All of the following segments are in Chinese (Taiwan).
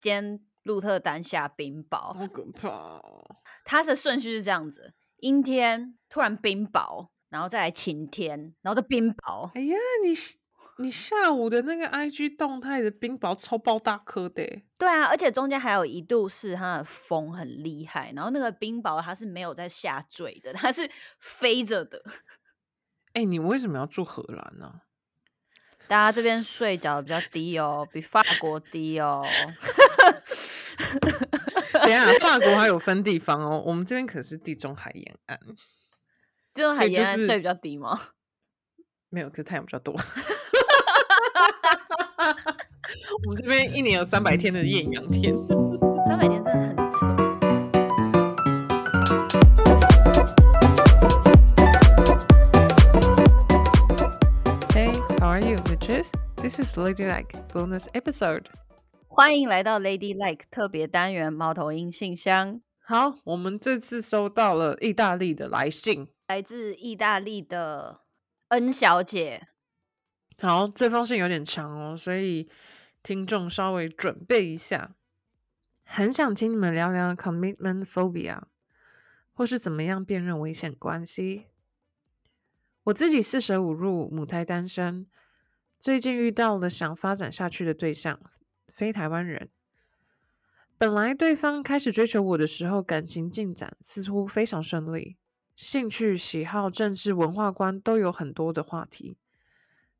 今天鹿特丹下冰雹，好可怕！它的順序是這樣子：陰天，突然冰雹，然後再來晴天，然後再冰雹。哎呀，你你下午的那個 IG 動態的冰雹超爆大顆的。對啊，而且中間還有一度是它的風很厲害，然後那個冰雹它是沒有在下墜的，它是飛着的。哎，你為什麼要住荷蘭呢？大家這邊稅繳的比較低哦，比法國低哦。 等下，法國還有分地方哦，我們這邊可是地中海沿岸。地中海沿岸稅比較低嗎，就是？沒有，可是太陽比較多。 我們這邊一年有三百天的艷陽天，三 百天真的很扯。Hey，how are you？This is Ladylike Bonus Episode。歡迎來到 Ladylike 特別單元《貓頭鷹信箱》。好，我們這次收到了意大利的來信，來自意大利的 N 小姐。好，這封信有點長哦，所以聽眾稍微準備一下。很想聽你們聊聊 commitment phobia，或是怎麼樣辨認危險關係。我自己四舍五入，母胎單身。最近遇到了想發展下去的對象，非台灣人。本來對方開始追求我的時候，感情進展似乎非常順利，興趣、喜好、政治、文化觀都有很多的話題。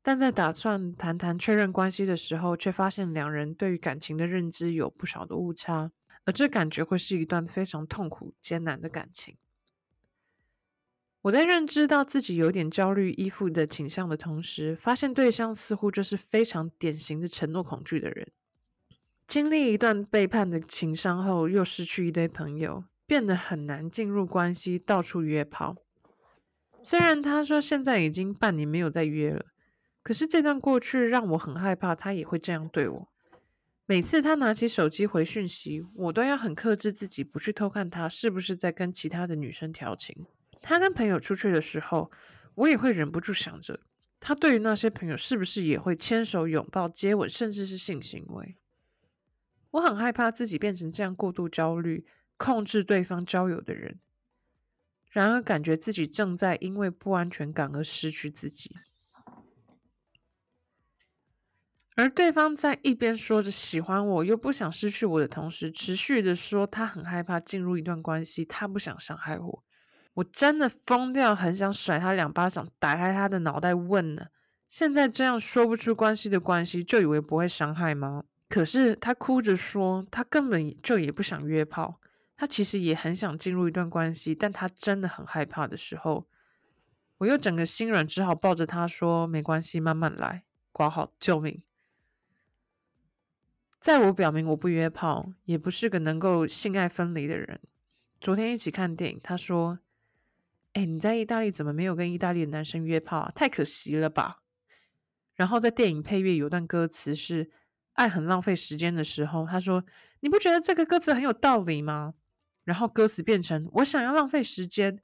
但在打算談談確認關係的時候，卻發現兩人對於感情的認知有不少的誤差，而這感覺會是一段非常痛苦、艱難的感情。我在認知到自己有點焦慮依附的傾向的同時，發現對象似乎就是非常典型的承諾恐懼的人。經歷一段背叛的情傷後，又失去一堆朋友，變得很難進入關係，到處約炮。雖然他說現在已經半年沒有再約了，可是這段過去讓我很害怕，他也會這樣對我。每次他拿起手機回訊息，我都要很克制自己，不去偷看他是不是在跟其他的女生調情。他跟朋友出去的時候，我也會忍不住想着，他對於那些朋友是不是也會牽手、擁抱、接吻，甚至是性行為？我很害怕自己變成這樣過度焦慮、控制對方交友的人。然而，感覺自己正在因為不安全感而失去自己，而對方在一邊說着喜歡我又不想失去我的同時，持續的說他很害怕進入一段關係，他不想傷害我。我真的瘋掉，很想甩他兩巴掌，打開他的腦袋問呢。現在這樣說不出關係的關係，就以為不會傷害嗎？可是他哭着說，他根本就也不想約炮，他其實也很想進入一段關係，但他真的很害怕的時候，我又整個心軟，只好抱着他說沒關係，慢慢來，掛好救命。在我表明我不約炮，也不是個能夠性愛分離的人。昨天一起看電影，他說。哎、欸，你在意大利怎麼沒有跟意大利的男生約炮啊？太可惜了吧！然後在電影配樂有段歌詞是“愛很浪費時間”的時候，他說：“你不覺得這個歌詞很有道理嗎？”然後歌詞變成“我想要浪費時間”，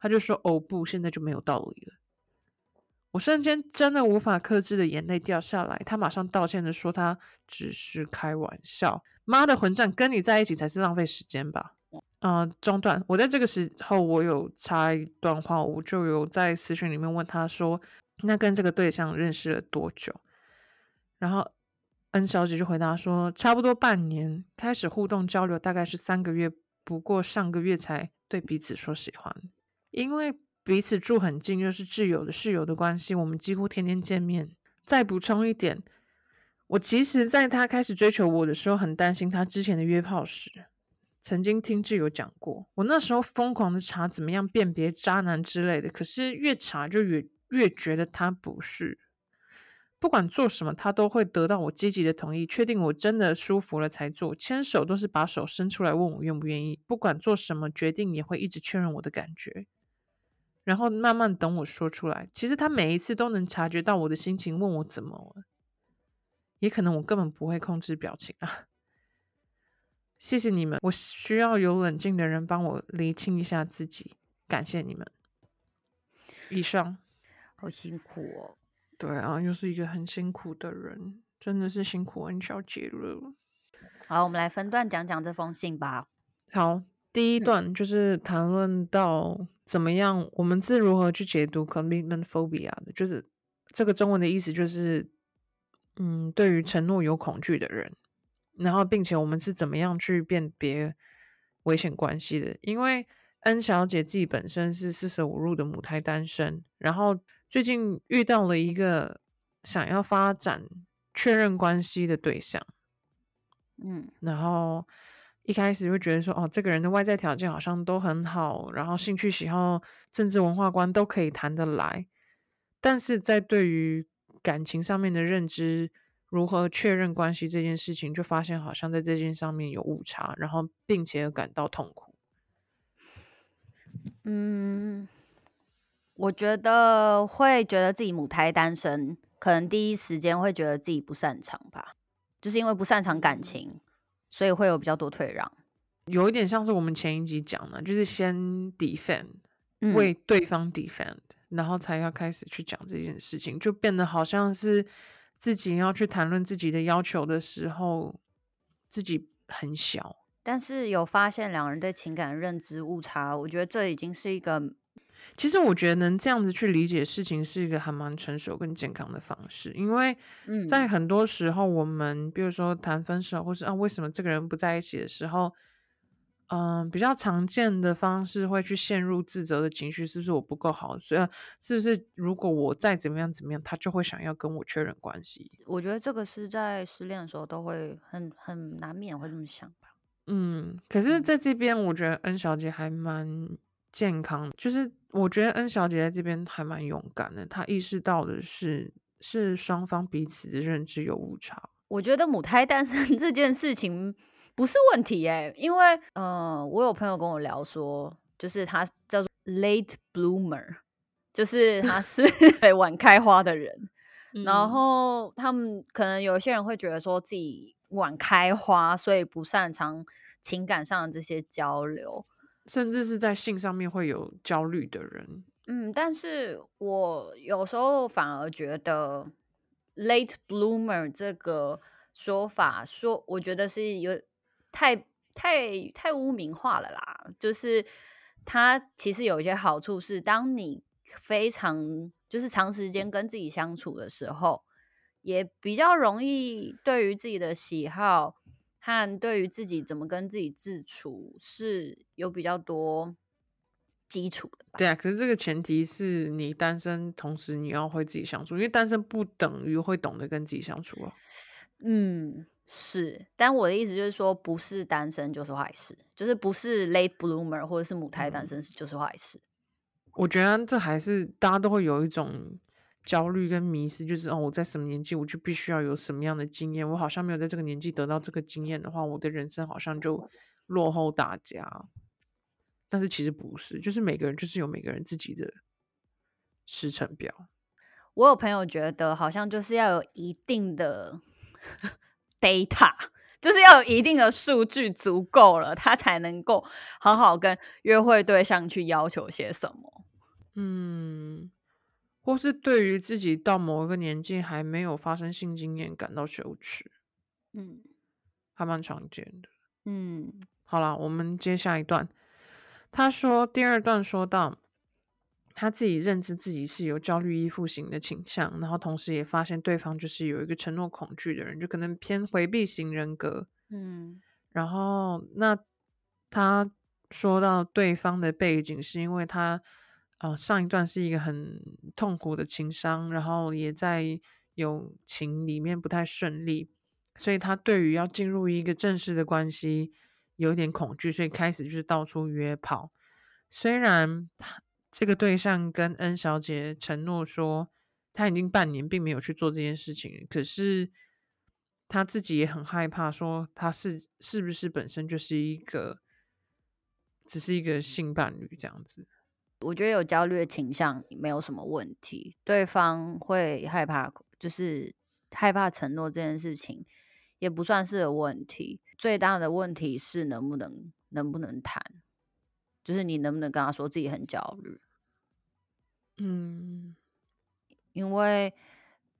他就說：“哦不，現在就沒有道理了。”我瞬間真的無法克制的眼淚掉下來。他馬上道歉的說：“他只是開玩笑。”媽的混賬，跟你在一起才是浪費時間吧！嗯、呃，中斷。我在這個時候，我有插一段話，我就有在私訊裡面問他說：“那跟這個對象認識了多久？”然後 N 小姐就回答說：“差不多半年，開始互動交流大概是三個月，不過上個月才對彼此說喜歡。因為彼此住很近，又是摯友的室友的關係，我們幾乎天天見面。再補充一點，我其實在他開始追求我的時候，很擔心他之前的約炮史。曾經聽摯友講過，我那時候瘋狂的查怎麼樣辨別渣男之類的，可是越查就越越覺得他不是。不管做什麼，他都會得到我積極的同意，確定我真的舒服了才做。牽手都是把手伸出來問我願不願意，不管做什麼決定也會一直確認我的感覺，然後慢慢等我說出來。其實他每一次都能察覺到我的心情，問我怎麼了。也可能我根本不會控制表情啊。謝謝你們，我需要有冷靜的人幫我釐清一下自己。感謝你們。以上，好辛苦哦。對啊，又是一個很辛苦的人，真的是辛苦很小姐了。好，我們來分段講講這封信吧。好，第一段就是談論到怎麼樣，嗯、我們是如何去解讀 commitment phobia 的,就是這個中文的意思就是，嗯，對於承諾有恐懼的人。然後，並且我們是怎麼樣去辨別危險關係的？因為 N 小姐自己本身是四捨五入的母胎單身，然後最近遇到了一個想要發展確認關係的對象，嗯，然後一開始會覺得說，哦，這個人的外在條件好像都很好，然後興趣喜好、政治文化觀都可以談得來，但是在對於感情上面的認知，如何確認關係這件事情，就發現好像在這件上面有誤差，然後並且感到痛苦。嗯，我覺得會覺得自己母胎單身，可能第一時間會覺得自己不擅長吧，就是因為不擅長感情，所以會有比較多退讓。有一點像是我們前一集講的，就是先 defend，為對方 defend，、嗯、然後才要開始去講這件事情，就變得好像是。自己要去談論自己的要求的時候，自己很小，但是有發現兩人對情感認知誤差，我覺得這已經是一個，其實我覺得能這樣子去理解事情是一個還蠻成熟跟健康的方式，因為在很多時候我們，嗯、比如說談分手，或是啊為什麼這個人不在一起的時候。嗯，比較常見的方式會去陷入自責的情緒，是不是我不夠好？所以，是不是如果我再怎麼樣怎麼樣，他就會想要跟我確認關係？我覺得這個是在失戀的時候都會很很難免會這麼想吧。嗯，可是在這邊，我覺得 N 小姐還蠻健康的，就是我覺得 N 小姐在這邊還蠻勇敢的，她意識到的是是雙方彼此的認知有誤差。我覺得母胎單身這件事情。不是問題誒、欸，因為嗯、呃，我有朋友跟我聊說，就是他叫做 late bloomer，就是他是 晚開花的人、嗯。然後他們可能有些人會覺得說自己晚開花，所以不擅長情感上的這些交流，甚至是在性上面會有焦慮的人。嗯，但是我有時候反而覺得 late bloomer 這個說法說，說我覺得是有。太太太污名化了啦！就是它其實有一些好處，是當你非常就是長時間跟自己相處的時候，也比較容易對於自己的喜好和對於自己怎麼跟自己自處是有比較多基礎的吧。對啊，可是這個前提是你單身，同時你要會自己相處，因為單身不等於會懂得跟自己相處哦、啊。嗯。是,但我的意思就是說,不是單身就是壞事，就是不是 late bloomer 或者是母胎單身是就是壞事、嗯。我覺得這還是大家都會有一種焦慮跟迷失，就是哦，我在什麼年紀我就必須要有什麼樣的經驗，我好像沒有在這個年紀得到這個經驗的話，我的人生好像就落後大家。但是其實不是，就是每個人就是有每個人自己的時程表。我有朋友覺得好像就是要有一定的。 data 就是要有一定的數據足夠了，他才能夠好好跟約會對象去要求些什麼。嗯，或是對於自己到某一個年紀還沒有發生性經驗感到羞恥，嗯，還蠻常見的。嗯，好啦，我們接下一段。他說第二段說到。他自己認知自己是有焦慮依附型的傾向，然後同時也發現對方就是有一個承諾恐懼的人，就可能偏迴避型人格，嗯，然後那他說到對方的背景是因為他、呃，上一段是一個很痛苦的情傷，然後也在友情裡面不太順利，所以他對於要進入一個正式的關係有點恐懼，所以開始就是到處約炮，雖然他。這個對象跟 N 小姐承諾說，她已經半年並沒有去做這件事情，可是她自己也很害怕說，說她是是不是本身就是一個，只是一個性伴侶這樣子。我覺得有焦慮的傾向沒有什麼問題，對方會害怕，就是害怕承諾這件事情，也不算是有問題。最大的問題是能不能能不能談。就是你能不能跟他說自己很焦慮？嗯，因為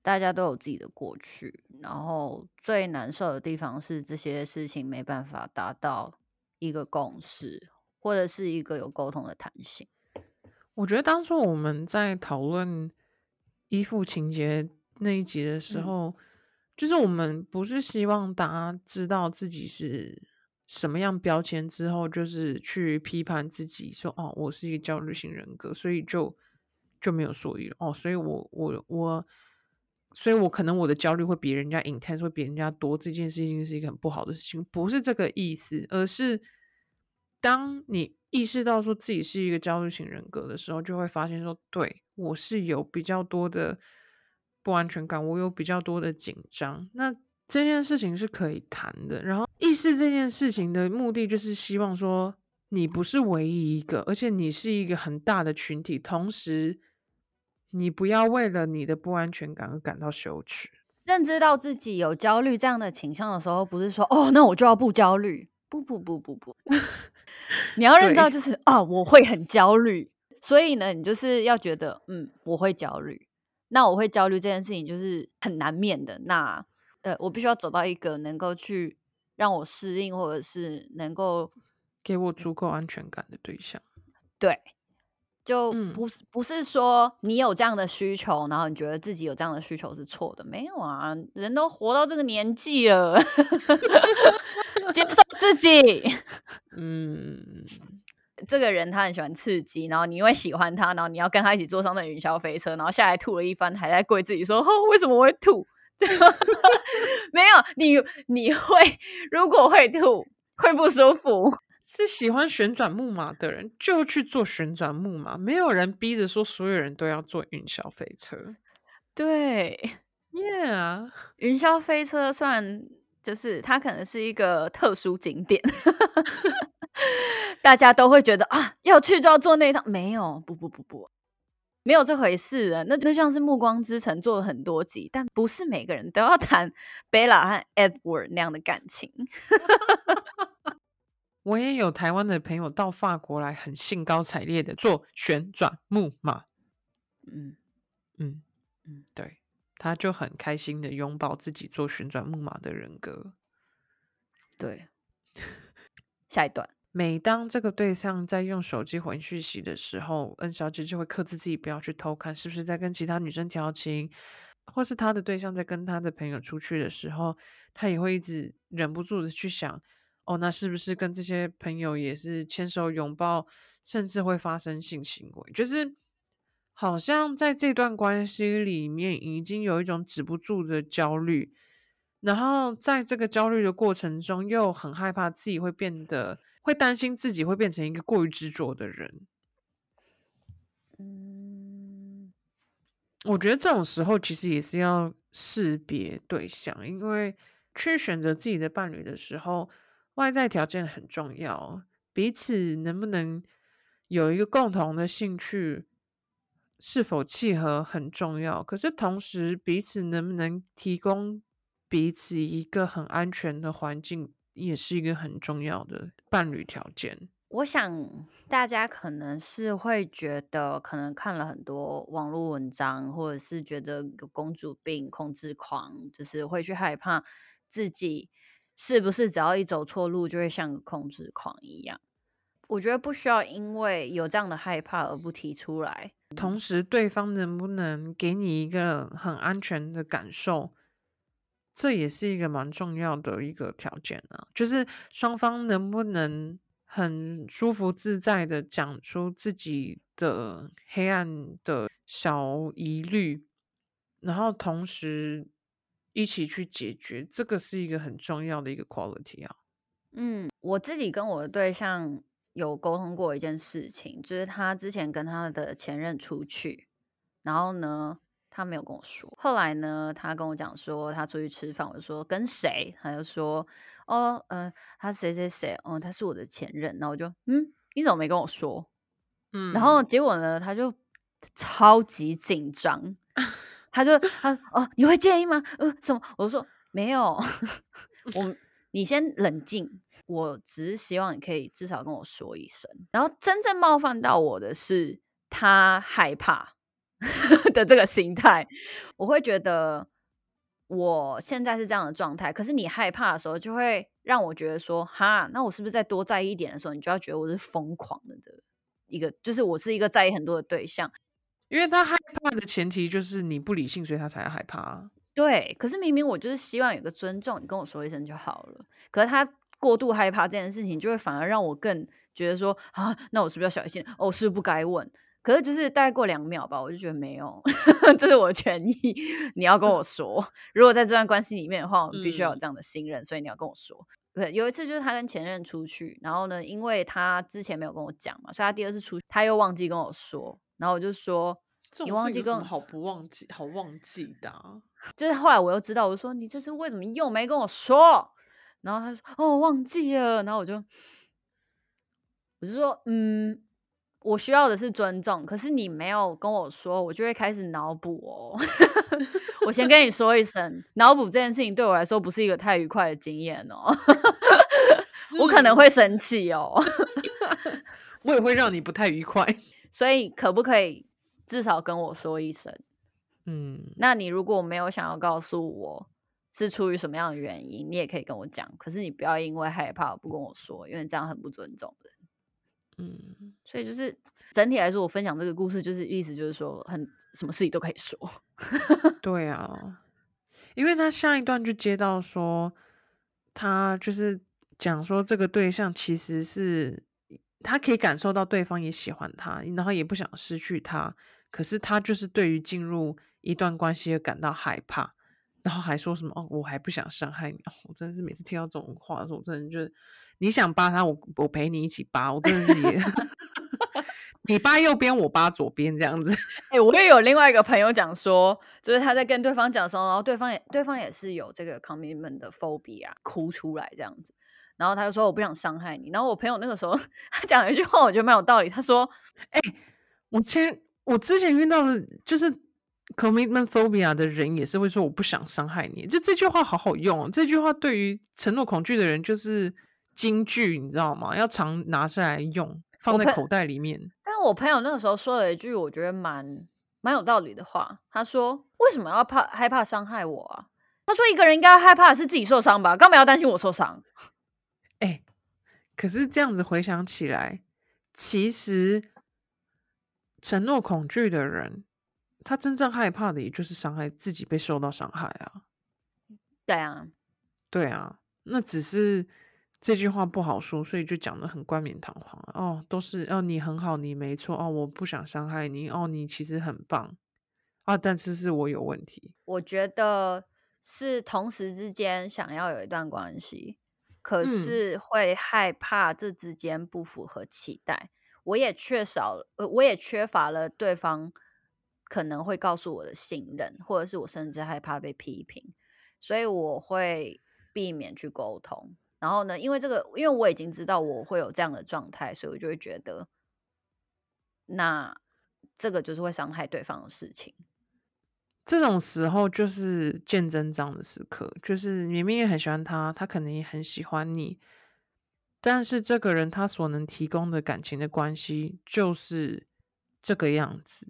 大家都有自己的過去，然後最難受的地方是這些事情沒辦法達到一個共識，或者是一個有溝通的彈性。我覺得當初我們在討論依附情節那一集的時候，嗯，就是我們不是希望大家知道自己是。什麼樣標籤之後，就是去批判自己說，說哦，我是一個焦慮型人格，所以就就沒有所以了。哦，所以我我我，所以我可能我的焦慮會比人家 intense 會比人家多。這件事情是一個很不好的事情，不是這個意思，而是當你意識到說自己是一個焦慮型人格的時候，就會發現說，對，我是有比較多的不安全感，我有比較多的緊張。那這件事情是可以談的，然後。意思這件事情的目的就是希望說，你不是唯一一個，而且你是一個很大的群體。同時，你不要為了你的不安全感而感到羞恥。認知到自己有焦慮這樣的傾向的時候，不是說哦，那我就要不焦慮，不不不不不， 你要認知到就是啊，我會很焦慮。所以呢，你就是要覺得嗯，我會焦慮，那我會焦慮這件事情就是很難免的。那呃，我必須要走到一個能夠去。讓我適應，或者是能夠給我足夠安全感的對象，對，就不、嗯、不是說你有這樣的需求，然後你覺得自己有這樣的需求是錯的，沒有啊，人都活到這個年紀了， 接受自己。嗯，這個人他很喜歡刺激，然後你因為喜歡他，然後你要跟他一起坐上那雲霄飛車，然後下來吐了一番，還在怪自己說：哦、oh，為什麼我會吐？ 沒有你，你會如果會吐，會不舒服。是喜歡旋轉木馬的人就去坐旋轉木馬，沒有人逼着說所有人都要坐雲霄飛車。對，Yeah 啊，雲霄飛車算就是它可能是一個特殊景點， 大家都會覺得啊，要去就要坐那一趟。沒有，不不不不。沒有這迴事的，那就像是《暮光之城》做了很多集，但不是每個人都要談貝拉和 Edward 那樣的感情。 我也有台灣的朋友到法國來，很興高采烈的做旋轉木馬。嗯嗯嗯，對，他就很開心的擁抱自己做旋轉木馬的人格。對， 下一段。每當這個對象在用手機回訊息的時候，N 小姐就會克制自己不要去偷看，是不是在跟其他女生調情，或是她的對象在跟他的朋友出去的時候，她也會一直忍不住的去想，哦，那是不是跟這些朋友也是牽手擁抱，甚至會發生性行為？就是好像在這段關係裡面，已經有一種止不住的焦慮，然後在這個焦慮的過程中，又很害怕自己會變得。會擔心自己會變成一個過於執着的人。嗯，我覺得這種時候其實也是要識別對象，因為去選擇自己的伴侶的時候，外在條件很重要，彼此能不能有一個共同的興趣、是否契合很重要。可是同時，彼此能不能提供彼此一個很安全的環境，也是一個很重要的伴侶條件。我想大家可能是會覺得，可能看了很多網絡文章，或者是覺得有公主病、控制狂，就是會去害怕自己是不是只要一走錯路就會像個控制狂一樣。我覺得不需要因為有這樣的害怕而不提出來。同時，對方能不能給你一個很安全的感受？這也是一個蠻重要的一個條件啊，就是雙方能不能很舒服自在的講出自己的黑暗的小疑慮，然後同時一起去解決，這個是一個很重要的一個 quality 啊。嗯，我自己跟我的對象有溝通過一件事情，就是他之前跟他的前任出去，然後呢。他沒有跟我說。後來呢，他跟我講說他出去吃飯，我就說跟誰？他就說哦，嗯、呃，他誰誰誰，哦，他是我的前任。然後我就嗯，你怎麼沒跟我說？嗯，然後結果呢，他就超級緊張，他就他哦，你會介意嗎？嗯，什麼？我就說沒有。 我你先冷靜，我只是希望你可以至少跟我說一聲。然後真正冒犯到我的是，他害怕。 的這個心態，我會覺得我現在是這樣的狀態。可是你害怕的時候，就會讓我覺得說，哈，那我是不是再多在意一點的時候，你就要覺得我是瘋狂的這個一個，就是我是一個在意很多的對象。因為他害怕的前提就是你不理性，所以他才害怕。對，可是明明我就是希望有個尊重，你跟我說一聲就好了。可是他過度害怕這件事情，就會反而讓我更覺得說，啊，那我是，哦，我是不是要小心？哦，是不是不該問？可是就是大概過兩秒吧，我就覺得沒有呵呵，這是我的權益，你要跟我說。如果在這段關係裡面的話，我必須要有這樣的信任、嗯，所以你要跟我說。對，有一次就是他跟前任出去，然後呢，因為他之前沒有跟我講嘛，所以他第二次出去他又忘記跟我說，然後我就說你忘記跟好不忘記好忘記的、啊。就是後來我又知道，我說你這次為什麼又沒跟我說？然後他說哦忘記了，然後我就我就說嗯。我需要的是尊重，可是你沒有跟我說，我就會開始腦補哦。 我先跟你說一聲， 腦補這件事情對我來說不是一個太愉快的經驗哦。 我可能會生氣哦， 我也會讓你不太愉快。 所以，可不可以至少跟我說一聲？嗯，那你如果沒有想要告訴我，是出於什麼樣的原因，你也可以跟我講。可是你不要因為害怕不跟我說，因為這樣很不尊重人嗯，所以就是整體來說，我分享這個故事，就是意思就是說，很什麼事情都可以說。 對啊，因為他下一段就接到說，他就是講說這個對象其實是他可以感受到對方也喜歡他，然後也不想失去他，可是他就是對於進入一段關係而感到害怕。然後還說什麼哦？我還不想傷害你、哦、我真的是每次聽到這種話的時候，我真的就是：「你想扒他，我我陪你一起扒。我真的是你，的 你扒右邊，我扒左邊這樣子。誒、欸、我也有另外一個朋友講說，就是他在跟對方講說，然後對方也對方也是有這個 commitment 的 phobia，哭出來這樣子。然後他就說我不想傷害你。然後我朋友那個時候他講了一句話，我覺得蠻有道理。他說：“哎、欸，我前我之前遇到的，就是。” Commitment phobia 的人也是會說：“我不想傷害你。”就這句話好好用哦，這句話對於承諾恐懼的人就是金句，你知道嗎？要常拿下來用，放在口袋裡面。但是我朋友那個時候說了一句我覺得蠻蠻有道理的話：“他說，為什麼要怕害怕傷害我啊？”他說：“一個人應該害怕是自己受傷吧，幹嘛要擔心我受傷？”哎，可是這樣子回想起來，其實承諾恐懼的人。他真正害怕的，也就是傷害自己被受到傷害啊。對啊，對啊，那只是這句話不好說，所以就講得很冠冕堂皇哦，都是哦，你很好，你沒錯哦，我不想傷害你哦，你其實很棒啊，但是是我有問題。我覺得是同時之間想要有一段關係，可是會害怕這之間不符合期待，嗯、我也缺少，呃，我也缺乏了對方。可能會告訴我的信任，或者是我甚至害怕被批評，所以我會避免去溝通。然後呢，因為這個，因為我已經知道我會有這樣的狀態，所以我就會覺得，那這個就是會傷害對方的事情。這種時候就是見真章的時刻，就是明明也很喜歡他，他可能也很喜歡你，但是這個人他所能提供的感情的關係就是這個樣子。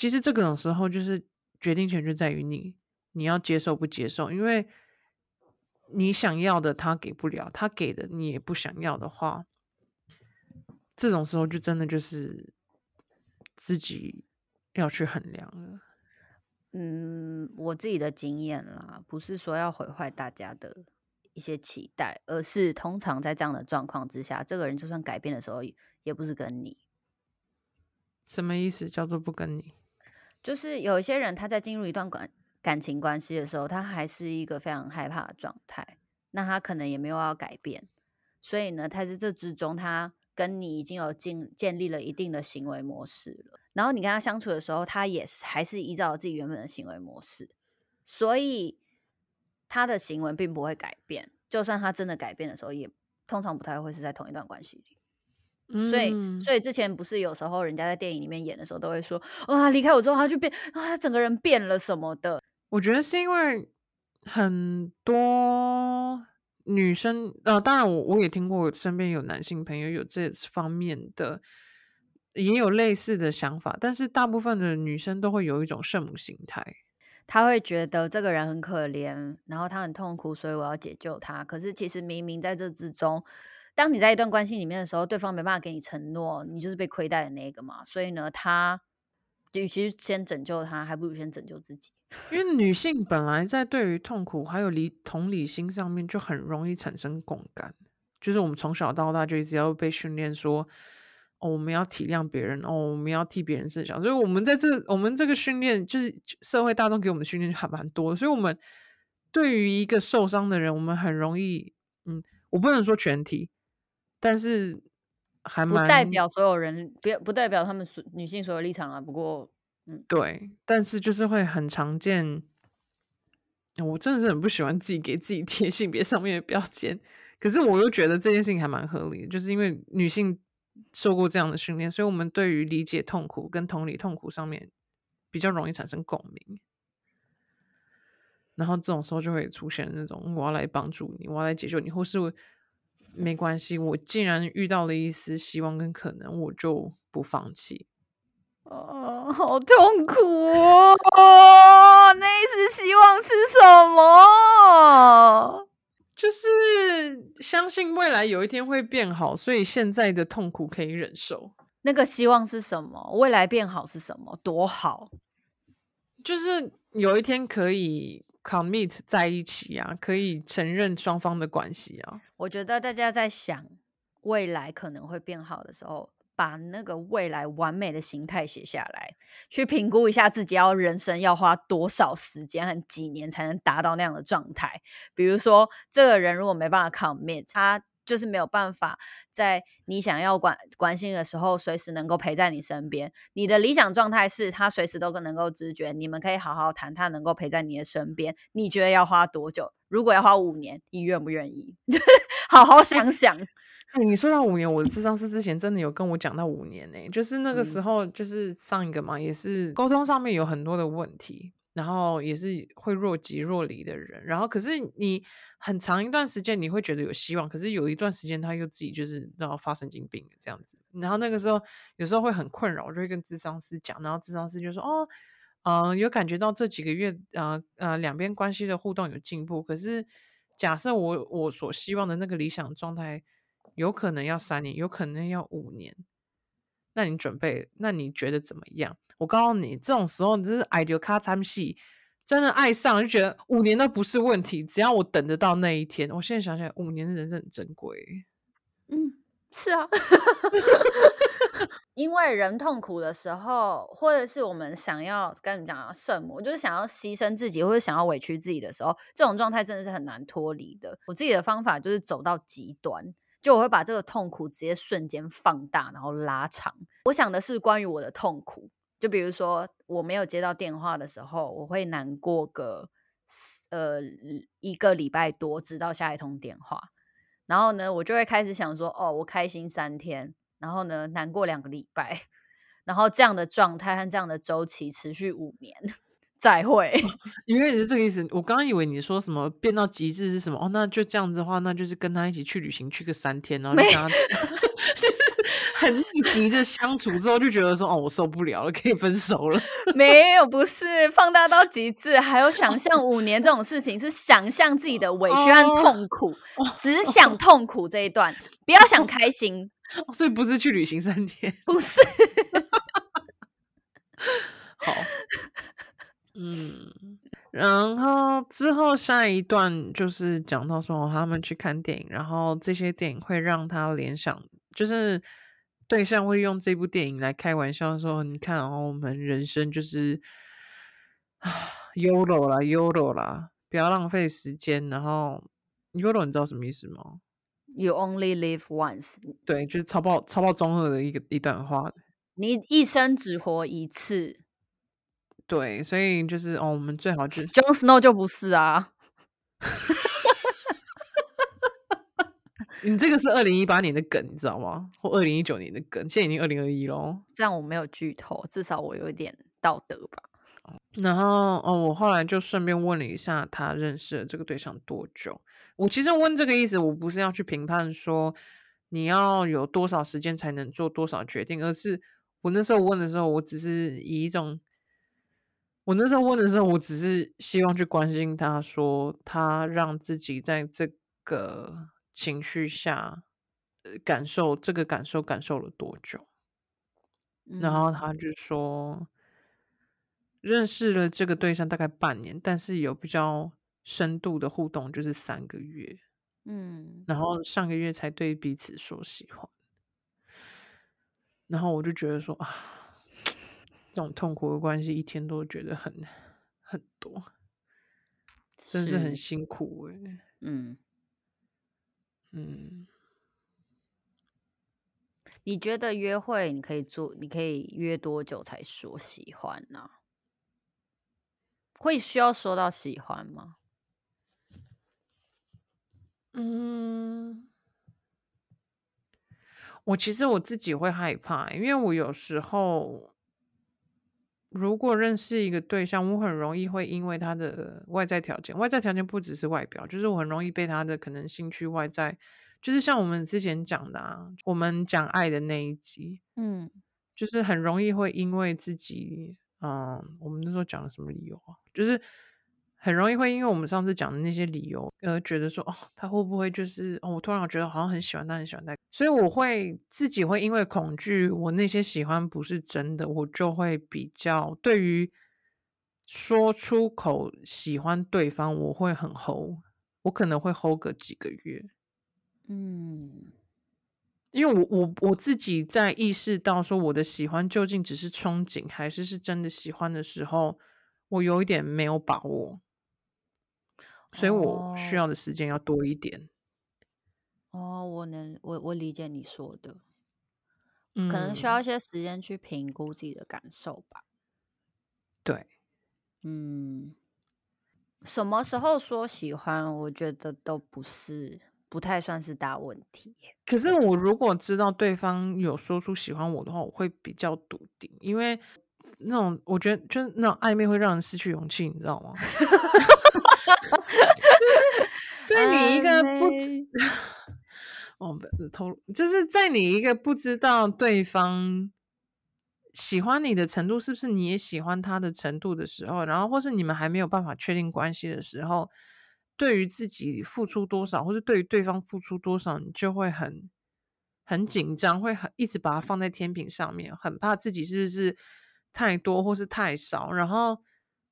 其實這種時候就是決定權就在於你，你要接受不接受？因為你想要的他給不了，他給的你也不想要的話，這種時候就真的就是自己要去衡量了。嗯，我自己的經驗啦，不是說要毀壞大家的一些期待，而是通常在這樣的狀況之下，這個人就算改變的時候，也不是跟你。什麼意思？叫做不跟你？就是有一些人，他在進入一段感感情關係的時候，他還是一個非常害怕的狀態，那他可能也沒有要改變，所以呢，他在這之中，他跟你已經有建建立了一定的行為模式了，然後你跟他相處的時候，他也是還是依照自己原本的行為模式，所以他的行為並不會改變，就算他真的改變的時候，也通常不太會是在同一段關係裡。所以、嗯，所以之前不是有時候人家在電影裡面演的時候，都會說，哇、啊，他離開我之後他就變，哇、啊，他整個人變了什麼的。我覺得是因為很多女生，呃、啊，當然我我也聽過身邊有男性朋友有這方面的，也有類似的想法，但是大部分的女生都會有一種聖母心態，她會覺得這個人很可憐，然後她很痛苦，所以我要解救她。可是其實明明在這之中，當你在一段關係裡面的時候，對方沒辦法給你承諾，你就是被虧待的那個嘛。所以呢，他與其先拯救他，還不如先拯救自己。因為女性本來在對於痛苦還有理同理心上面就很容易產生共感，就是我們從小到大就一直要被訓練說，哦，我們要體諒別人，哦，我們要替別人設想。所以，我們在這我們這個訓練就是社會大眾給我們的訓練還蠻多，所以我們對於一個受傷的人，我們很容易，嗯，我不能說全體。但是，還蠻，不代表所有人，不不代表他們所女性所有立場啊。不過，嗯，對。但是就是會很常見。我真的是很不喜歡自己給自己貼性別上面的標籤。可是我又覺得這件事情還蠻合理的，就是因為女性受過這樣的訓練，所以我們對於理解痛苦跟同理痛苦上面比較容易產生共鳴。然後這種時候就會出現那種我要來幫助你，我要來解救你，或是。沒關係，我既然遇到了一絲希望跟可能，我就不放棄。哦，好痛苦哦！ 那一絲希望是什麼？就是相信未來有一天會變好，所以現在的痛苦可以忍受。那個希望是什麼？未來變好是什麼？多好！就是有一天可以。Commit 在一起啊，可以承認雙方的關係啊。我覺得大家在想未來可能會變好的時候，把那個未來完美的形態寫下來，去評估一下自己要人生要花多少時間和幾年才能達到那樣的狀態。比如說，這個人如果沒辦法 Commit，他。就是沒有辦法在你想要管、關心的時候，隨時能夠陪在你身邊。你的理想狀態是他隨時都能夠知覺，你們可以好好談，他能夠陪在你的身邊。你覺得要花多久？如果要花五年，你願不願意？ 好好想想、欸欸。你說到五年，我的智商是之前真的有跟我講到五年呢，欸，就是那個時候，嗯，就是上一個嘛，也是溝通上面有很多的問題。然後也是會若即若離的人，然後可是你很長一段時間你會覺得有希望，可是有一段時間他又自己就是然後發神經病這樣子，然後那個時候有時候會很困擾，就會跟諮商師講，然後諮商師就說哦，嗯、呃，有感覺到這幾個月，呃呃，兩邊關係的互動有進步，可是假設我我所希望的那個理想狀態，有可能要三年，有可能要五年，那你準備，那你覺得怎麼樣？我告訴你，這種時候你就是愛到卡慘死，真的愛上就覺得五年都不是問題，只要我等得到那一天。我現在想想，五年人真的是很珍貴。嗯，是啊， 因為人痛苦的時候，或者是我們想要跟你講聖母，就是想要犧牲自己，或者想要委屈自己的時候，這種狀態真的是很難脫離的。我自己的方法就是走到極端，就我會把這個痛苦直接瞬間放大，然後拉長。我想的是關於我的痛苦。就比如說，我沒有接到電話的時候，我會難過個呃一個禮拜多，直到下一通電話。然後呢，我就會開始想說，哦，我開心三天，然後呢，難過兩個禮拜，然後這樣的狀態和這樣的周期持續五年。再會，因為你是這個意思。我剛以為你說什麼變到極致是什麼哦，那就這樣子的話，那就是跟他一起去旅行，去個三天然後，你跟他。 很密集的相處之後，就覺得說：“哦，我受不了了，可以分手了。”沒有，不是放大到極致，還有想象五年這種事情，是想象自己的委屈和痛苦，哦、只想痛苦這一段、哦，不要想開心。所以不是去旅行三天，不是。 好，嗯，然後之後下一段就是講到說他們去看電影，然後這些電影會讓他聯想，就是。對象會用這部電影來開玩笑說：“你看，哦、我們人生就是啊，YOLO 啦，YOLO 啦，不要浪費時間。然後 YOLO，你知道什麼意思嗎？You only live once。對，就是超爆超爆綜合的一個一段話。你一生只活一次。對，所以就是哦，我們最好就 Jon Snow 就不是啊。 ”你、嗯、這個是二零一八年的梗，你知道嗎？或二零一九年的梗，現在已經二零二一咯。這樣我沒有劇透，至少我有一點道德吧。然後哦，我後來就順便問了一下他認識了這個對象多久。我其實問這個意思，我不是要去評判說你要有多少時間才能做多少決定，而是我那時候問的時候，我只是以一種我那時候問的時候，我只是希望去關心他說他讓自己在這個。情緒下，感受這個感受感受了多久？嗯。然後他就說，認識了這個對象大概半年，但是有比較深度的互動就是三個月，嗯，然後上個月才對彼此說喜歡，然後我就覺得說啊，這種痛苦的關係一天都覺得很很多，真的是很辛苦，欸、嗯。嗯，你覺得約會你可以做，你可以約多久才說喜歡呢、啊？會需要說到喜歡嗎？嗯，我其實我自己會害怕、欸，因為我有時候。如果認識一個對象，我很容易會因為他的外在條件，外在條件不只是外表，就是我很容易被他的可能興趣外在，就是像我們之前講的啊，我們講愛的那一集，嗯，就是很容易會因為自己，嗯、呃，我們那時候講了什麼理由啊，就是很容易會因為我們上次講的那些理由，而覺得說哦，他會不會就是，哦，我突然我覺得好像很喜歡他，很喜歡他。所以我會自己會因為恐懼，我那些喜歡不是真的，我就會比較對於說出口喜歡對方，我會很 hold，我可能會 hold 個幾個月。嗯，因為我我我自己在意識到說我的喜歡究竟只是憧憬，還是是真的喜歡的時候，我有一點沒有把握，所以我需要的時間要多一點。哦哦，我能，我我理解你說的，嗯，可能需要一些時間去評估自己的感受吧。對，嗯，什麼時候說喜歡，我覺得都不是，不太算是大問題。可是我如果知道對方有說出喜歡我的話，我會比較篤定，因為那種我覺得就是那種曖昧會讓人失去勇氣，你知道嗎？ 所以，所以你一個不。Uh, 哦，投就是在你一個不知道對方喜歡你的程度，是不是你也喜歡他的程度的時候，然後或是你們還沒有辦法確定關係的時候，對於自己付出多少，或是對於對方付出多少，你就會很很緊張，會很一直把它放在天平上面，很怕自己是不是太多或是太少，然後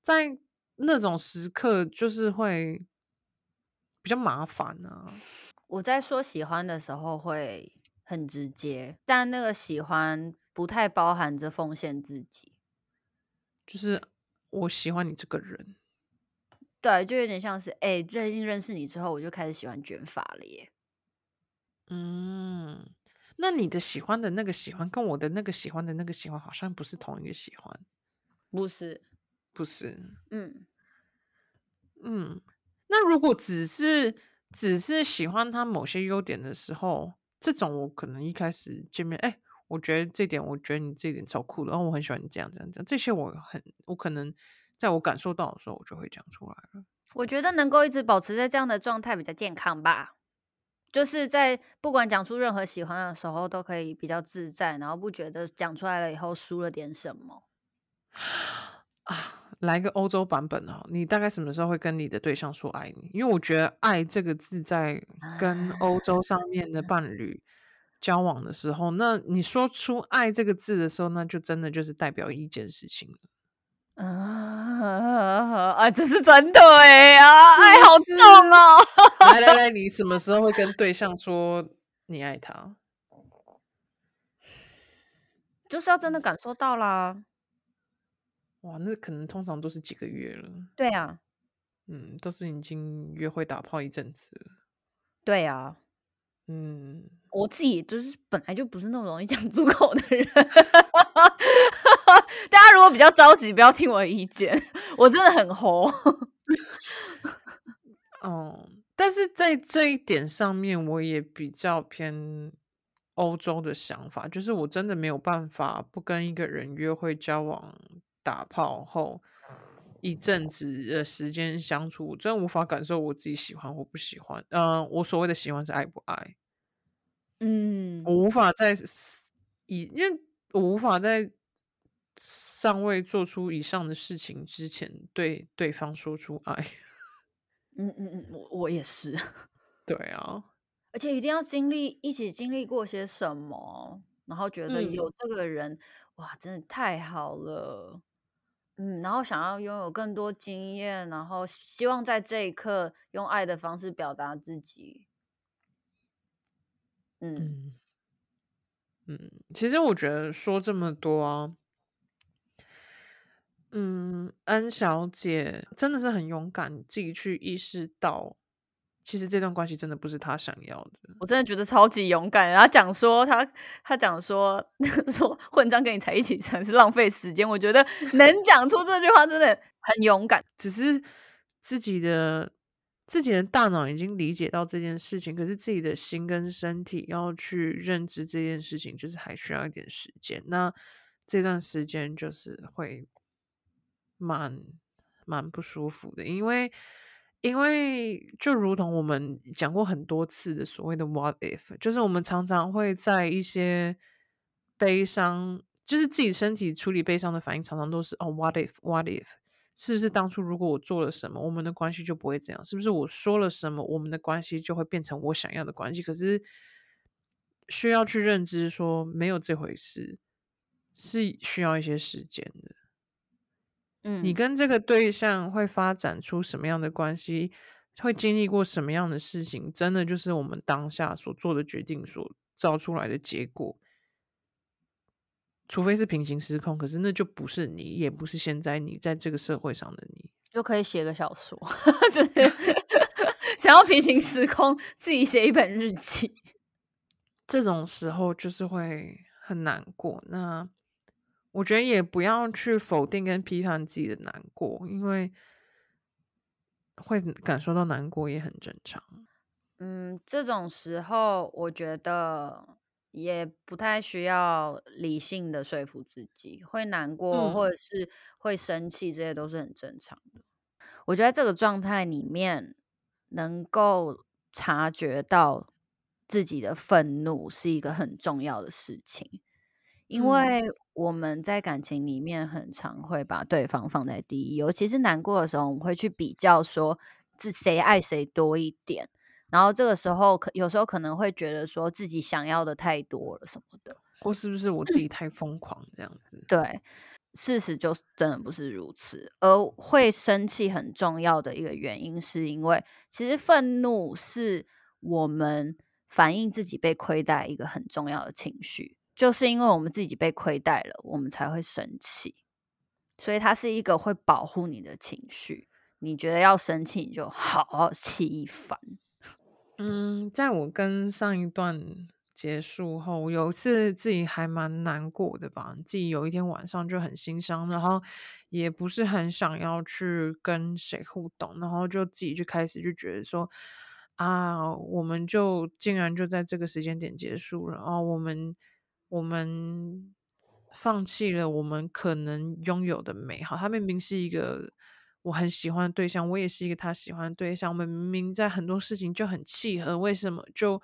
在那種時刻就是會比較麻煩啊。我在說喜歡的時候會很直接，但那個喜歡不太包含着奉獻自己，就是我喜歡你這個人。對，就有點像是哎、欸，最近認識你之後，我就開始喜歡捲髮了耶。嗯，那你的喜歡的那個喜歡，跟我的那個喜歡的那個喜歡，好像不是同一個喜歡。不是，不是，嗯嗯。那如果只是。只是喜歡他某些優點的時候，這種我可能一開始見面，哎、欸，我覺得這點，我覺得你這點超酷的，然後我很喜歡你這樣這樣這樣，這些我很，我可能在我感受到的時候，我就會講出來了。我覺得能夠一直保持在這樣的狀態比較健康吧，就是在不管講出任何喜歡的時候，都可以比較自在，然後不覺得講出來了以後輸了點什麼啊。 來個歐洲版本哦！你大概什麼時候會跟你的對象說愛你？因為我覺得“愛”這個字在跟歐洲上面的伴侶交往的時候，那你說出“愛”這個字的時候，那就真的就是代表一件事情啊！這是真的哎啊是是，愛好重哦！來來來，你什麼時候會跟對象說你愛他？就是要真的感受到啦。哇，那可能通常都是幾個月了。對啊，嗯，都是已經約會打炮一陣子。對啊，嗯，我自己就是本來就不是那麼容易講出口的人。 大家如果比較着急，不要聽我的意見，我真的很紅。 嗯，但是在這一點上面，我也比較偏歐洲的想法，就是我真的沒有辦法不跟一個人約會交往。打炮後一陣子的時間相處，真無法感受我自己喜歡或不喜歡。嗯、呃，我所謂的喜歡是愛不愛？嗯，我無法在以，因為我無法在尚未做出以上的事情之前對，對對方說出愛。嗯 嗯嗯，我、嗯、我也是。對啊，而且一定要經歷一起經歷過些什麼，然後覺得有這個人，嗯、哇，真的太好了。嗯，然後想要擁有更多經驗，然後希望在這一刻用愛的方式表達自己。嗯嗯，嗯，其實我覺得說這麼多啊，嗯，安小姐真的是很勇敢，自己去意識到。其實這段關係真的不是他想要的，我真的覺得超級勇敢。然後講說他，他講說呵呵說混賬，跟你才一起才是浪費時間。我覺得能講出這句話真的很勇敢。 只是自己的自己的大腦已經理解到這件事情，可是自己的心跟身體要去認知這件事情，就是還需要一點時間。那這段時間就是會蠻蠻不舒服的，因為。因為就如同我們講過很多次的所謂的 “what if”，就是我們常常會在一些悲傷，就是自己身體處理悲傷的反應，常常都是哦，“what if”，“what if”，是不是當初如果我做了什麼，我們的關係就不會這樣？是不是我說了什麼，我們的關係就會變成我想要的關係？可是需要去認知說沒有這回事，是需要一些時間的。嗯、你跟這個對象會發展出什麼樣的關係？會經歷過什麼樣的事情？真的就是我們當下所做的決定所造出來的結果。除非是平行時空，可是那就不是你，也不是現在你在這個社會上的你。就可以寫個小說，呵呵就是 想要平行時空，自己寫一本日記。這種時候就是會很難過。那。我覺得也不要去否定跟批判自己的難過，因為會感受到難過也很正常。嗯，這種時候我覺得也不太需要理性的說服自己會難過，或者是會生氣，這些都是很正常的。嗯，我覺得這個狀態裡面，能夠察覺到自己的憤怒是一個很重要的事情。因為我們在感情裡面很常會把對方放在第一，尤其是難過的時候，我們會去比較說是誰愛誰多一點。然後這個時候可有時候可能會覺得說自己想要的太多了什麼的，或是不是我自己太瘋狂、嗯、這樣子。對，事實就真的不是如此。而會生氣很重要的一個原因，是因為其實憤怒是我們反映自己被虧待一個很重要的情緒。就是因為我們自己被虧待了，我們才會生氣，所以它是一個會保護你的情緒。你覺得要生氣，你就好好氣一番。嗯，在我跟上一段結束後，有一次自己還蠻難過的吧。自己有一天晚上就很心傷，然後也不是很想要去跟誰互動，然後就自己就開始就覺得說啊，我們就竟然就在這個時間點結束了啊，我們。我們放棄了我們可能擁有的美好。他明明是一個我很喜歡的對象，我也是一個他喜歡的對象。我們明明在很多事情就很契合，為什麼就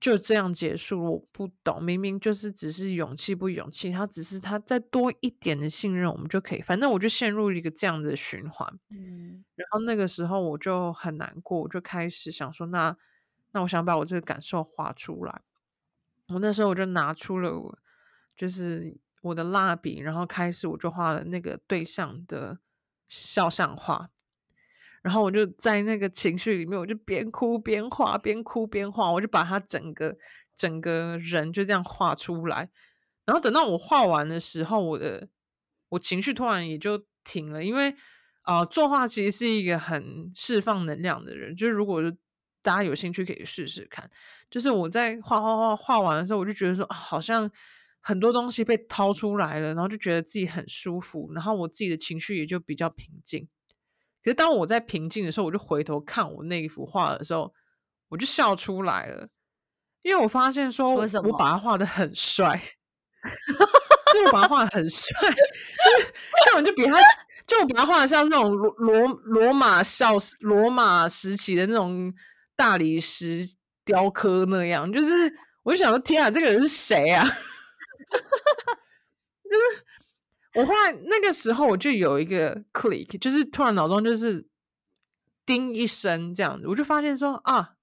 就這樣結束了？我不懂。明明就是只是勇氣不勇氣，他只是他再多一點的信任，我們就可以。反正我就陷入一個這樣的循環。嗯，然後那個時候我就很難過，我就開始想說那，那那我想把我這個感受畫出來。我那時候我就拿出了我就是我的蠟筆，然後開始我就畫了那個對象的肖像畫，然後我就在那個情緒裡面，我就邊哭邊畫，邊哭邊畫，我就把他整個整個人就這樣畫出來。然後等到我畫完的時候，我的，我的我情緒突然也就停了，因為啊、呃，作畫其實是一個很釋放能量的人，就是如果。大家有興趣可以試試看。就是我在畫畫畫畫完的時候，我就覺得說、啊，好像很多東西被掏出來了，然後就覺得自己很舒服，然後我自己的情緒也就比較平靜。可是當我在平靜的時候，我就回頭看我那一幅畫的時候，我就笑出來了，因為我發現說，我把它畫的很帥、 就是，就是把它畫的很帥，就是根本就比它，就比它畫的像那種羅羅羅馬笑羅馬時期的那種。大理石雕刻那樣，就是我就想說，天啊，這個人是誰啊？ 就是我後來那個時候，我就有一個 click，就是突然腦中就是叮一聲這樣子，我就發現說啊，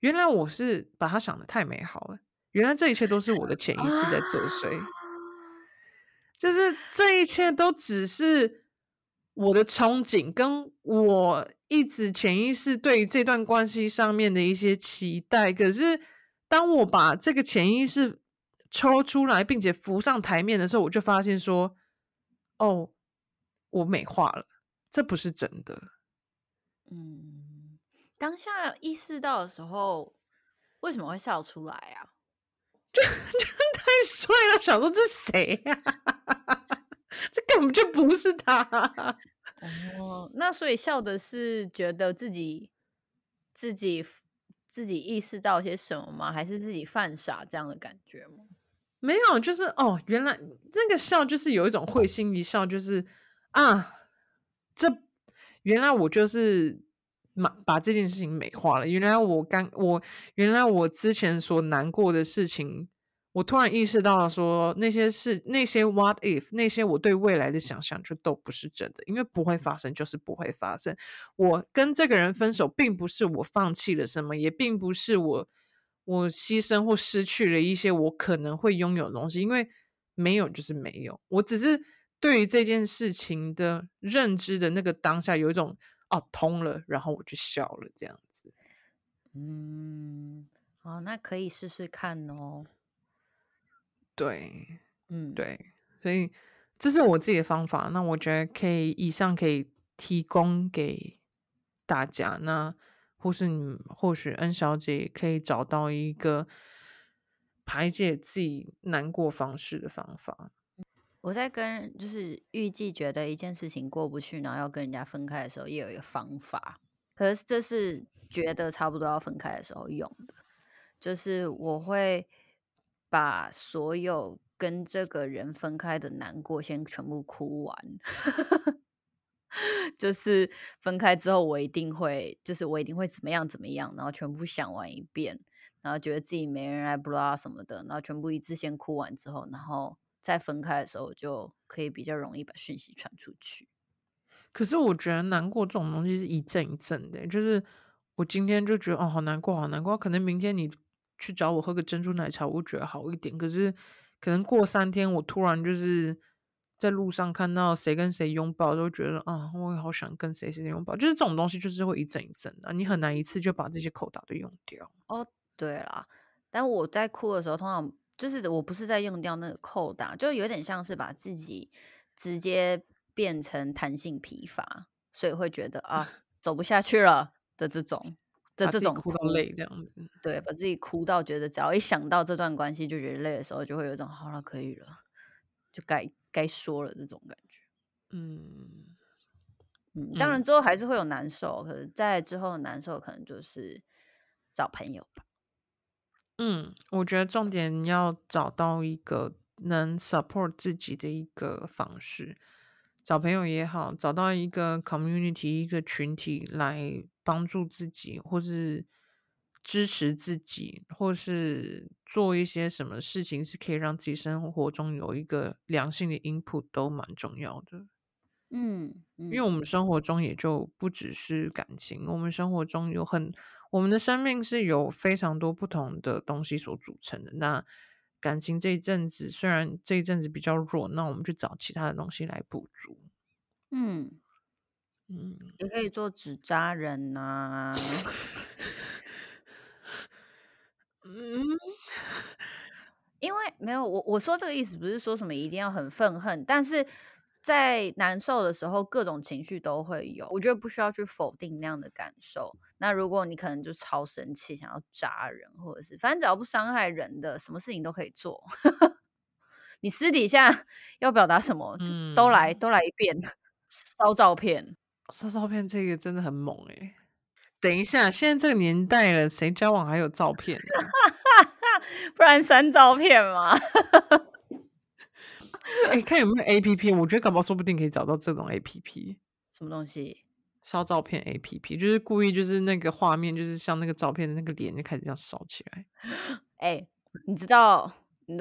原來我是把他想得太美好了，原來這一切都是我的潛意識在作祟、啊，就是這一切都只是。我的憧憬跟我一直潛意識對這段關係上面的一些期待，可是當我把這個潛意識抽出來，並且浮上台面的時候，我就發現說，哦，我美化了，這不是真的。嗯，當下意識到的時候，為什麼會笑出來啊？就，就太帥了，想說這是誰呀、啊？ 這根本就不是他哦、啊嗯，那所以笑的是覺得自己自己自己意識到些什麼嗎？還是自己犯傻這樣的感覺嗎？沒有，就是哦，原來這、那個笑就是有一種會心一笑，就是、嗯、啊，這原來我就是把，把這件事情美化了。原來我剛我原來我之前所難過的事情。我突然意識到了，說那些事，那些 what if，那些我對未來的想象就都不是真的，因為不會發生就是不會發生。我跟這個人分手，並不是我放棄了什麼，也並不是我我犧牲或失去了一些我可能會擁有的東西，因為沒有就是沒有。我只是對於這件事情的認知的那個當下，有一種啊通了，然後我就笑了這樣子。嗯，好，那可以試試看哦。對，嗯，對，所以這是我自己的方法。那我覺得可以以上可以提供給大家，那或是你或許恩小姐也可以找到一個排解自己難過方式的方法。我在跟就是預計覺得一件事情過不去，然後要跟人家分開的時候，也有一個方法。可是這是覺得差不多要分開的時候用的，就是我會。把所有跟這個人分開的難過先全部哭完， 就是分開之後我一定會，就是我一定會怎麼樣怎麼樣，然後全部想完一遍，然後覺得自己沒人愛，不拉什麼的，然後全部一次先哭完之後，然後再分開的時候就可以比較容易把訊息傳出去。可是我覺得難過這種東西是一陣一陣的，就是我今天就覺得哦，好難過，好難過，可能明天你。去找我喝個珍珠奶茶，我覺得好一點。可是可能過三天，我突然就是在路上看到誰跟誰擁抱，都覺得啊、嗯，我也好想跟誰誰擁抱。就是這種東西，就是會一陣一陣的，你很難一次就把這些扣打都用掉。哦，對啦，但我在哭的時候，通常就是我不是在用掉那個扣打，就有點像是把自己直接變成彈性疲乏，所以會覺得啊， 走不下去了的這種。這這種哭到累這樣子，對，把自己哭到覺得只要一想到這段關係就覺得累的時候，就會有一種好了可以了，就該該說了這種感覺。嗯嗯，當然之後還是會有難受、嗯，可是在之後難受可能就是找朋友吧。嗯，我覺得重點要找到一個能 support 自己的一個方式。找朋友也好，找到一個 community，一個群體來幫助自己，或是支持自己，或是做一些什麼事情，是可以讓自己生活中有一個良性的 input，都蠻重要的嗯。嗯，因為我們生活中也就不只是感情，我們生活中有很我們的生命是有非常多不同的東西所組成的。那感情這一陣子，雖然這一陣子比較弱，那我們去找其他的東西來補足。嗯嗯，也可以做紙紮人吶啊。 嗯，因為沒有，我我說這個意思不是說什麼一定要很憤恨，但是。在難受的時候，各種情緒都會有，我覺得不需要去否定那樣的感受。那如果你可能就超生氣，想要扎人，或者是反正只要不傷害人的，什麼事情都可以做。 你私底下要表達什麼，都來、嗯、都來一遍，燒照片，燒照片，這個真的很猛。哎、欸，等一下，現在這個年代了，誰交往還有照片啊？ 不然刪照片嘛。 哎、欸，看有沒有 A P P，我覺得搞不好說不定可以找到這種 A P P，什麼東西燒照片 A P P，就是故意就是那個畫面就是像那個照片的那個臉就開始要燒起來。哎、欸，你知道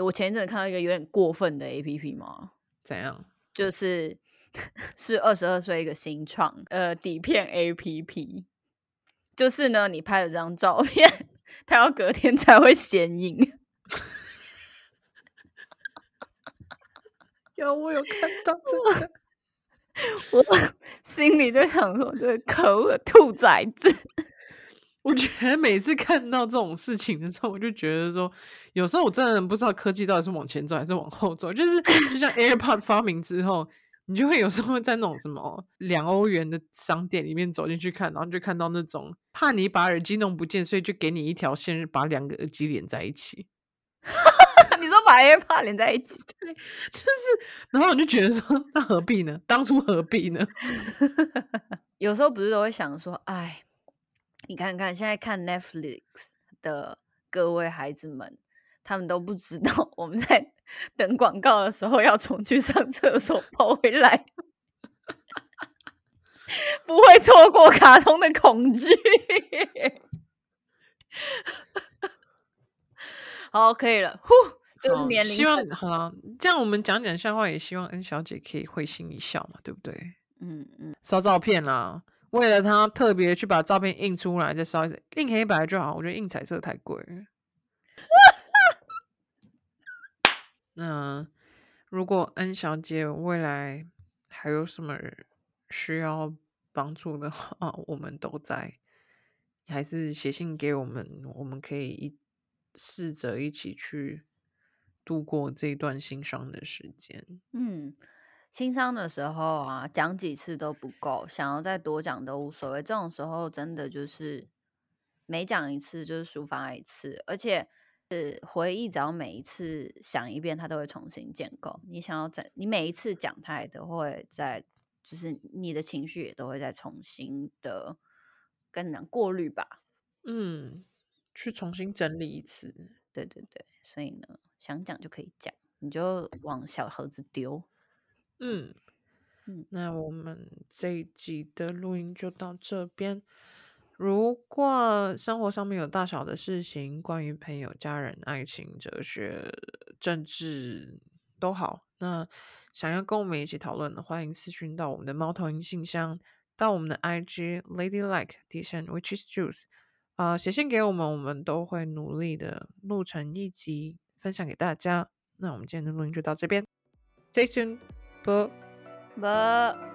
我前一陣看到一個有點過分的 A P P 嗎？怎樣？就是是二十二歲一個新創，呃，底片 A P P，就是呢，你拍了這張照片，它要隔天才會顯影。有我有看到這個，我， 我心裡就想說：“這個可惡兔崽子！”我覺得每次看到這種事情的時候，我就覺得說，有時候我真的不知道科技到底是往前走還是往後走。就是就像 AirPod 發明之後， 你就會有時候會在那種什麼兩歐元的商店裡面走進去看，然後就看到那種怕你把耳機弄不見，所以就給你一條線把兩個耳機連在一起。 你說把 AirPods 連在一起，對，就是。然後我就覺得說，那何必呢？當初何必呢？ 有時候不是都會想說，哎，你看看現在看 Netflix 的各位孩子們，他們都不知道我們在等廣告的時候要重去上廁所跑回來， 不會錯過卡通的恐懼。 好、oh，可以了。呼，這、就、個是年齡。希望、嗯、好了，這樣我們講講笑話，也希望恩小姐可以會心一笑嘛，對不對？嗯嗯。燒照片啦，為了她特別去把照片印出來再燒一次，印黑白就好。我覺得印彩色太貴了。那、 呃、如果恩小姐未來還有什麼需要幫助的話，我們都在。還是寫信給我們，我們可以一。試着一起去度過這段心傷的時間。嗯，心傷的時候啊，講幾次都不夠，想要再多講都無所謂。這種時候真的就是每講一次就是抒發一次，而且是回憶，只要每一次想一遍，它都會重新建構。你想要在，你每一次講它也都會在，就是你的情緒也都會再重新的更難過濾吧。嗯。去重新整理一次，對對對，所以呢，想講就可以講，你就往小盒子丟。嗯，嗯。那我們這一集的錄音就到這邊。如果生活上面有大小的事情，關於朋友、家人、愛情、哲學、政治都好，那想要跟我們一起討論的，歡迎私訊到我們的貓頭鷹信箱，到我們的 IG Ladylike 底線 Witches Juice。啊、呃，寫信給我們，我們都會努力的錄成一集，分享給大家。那我們今天的錄音就到這邊，Stay tuned，拜拜。